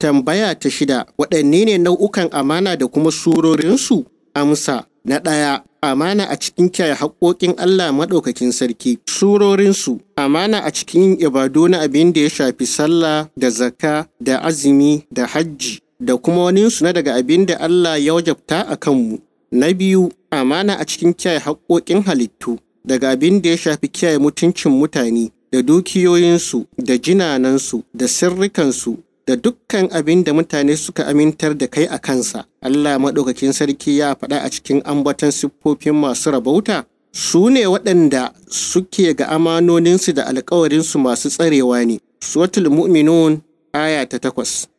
Tambaya ta shida, waɗanne ne nau'ukan amana da kuma surorinsu? Amsa, na ɗaya, amana a cikin kyaye haƙoƙin Allah maɗaukakin sarki. Surorinsu, amana a cikin ibadu na abin da ya shafi sallah da zaka da azumi da hajji da kuma waninsu na daga abin da Allah ya wajabta a kanmu. Na biyu, amana a cikin kyaye haƙoƙin halittu daga abin da ya shafi kyaye mutuncin mutane da dukiyoyinsu da jinanansu da sirrikansu da dukkan abin da mutane suka amintar da kai a kansa. Allah maɗaukakin sarki ya faɗa a cikin ambaton siffofin masu rabauta, su ne waɗanda suke ga amanoninsu da alkawarinsu masu tsarewa ne. Suwatul Mu'minun aya ta takwas.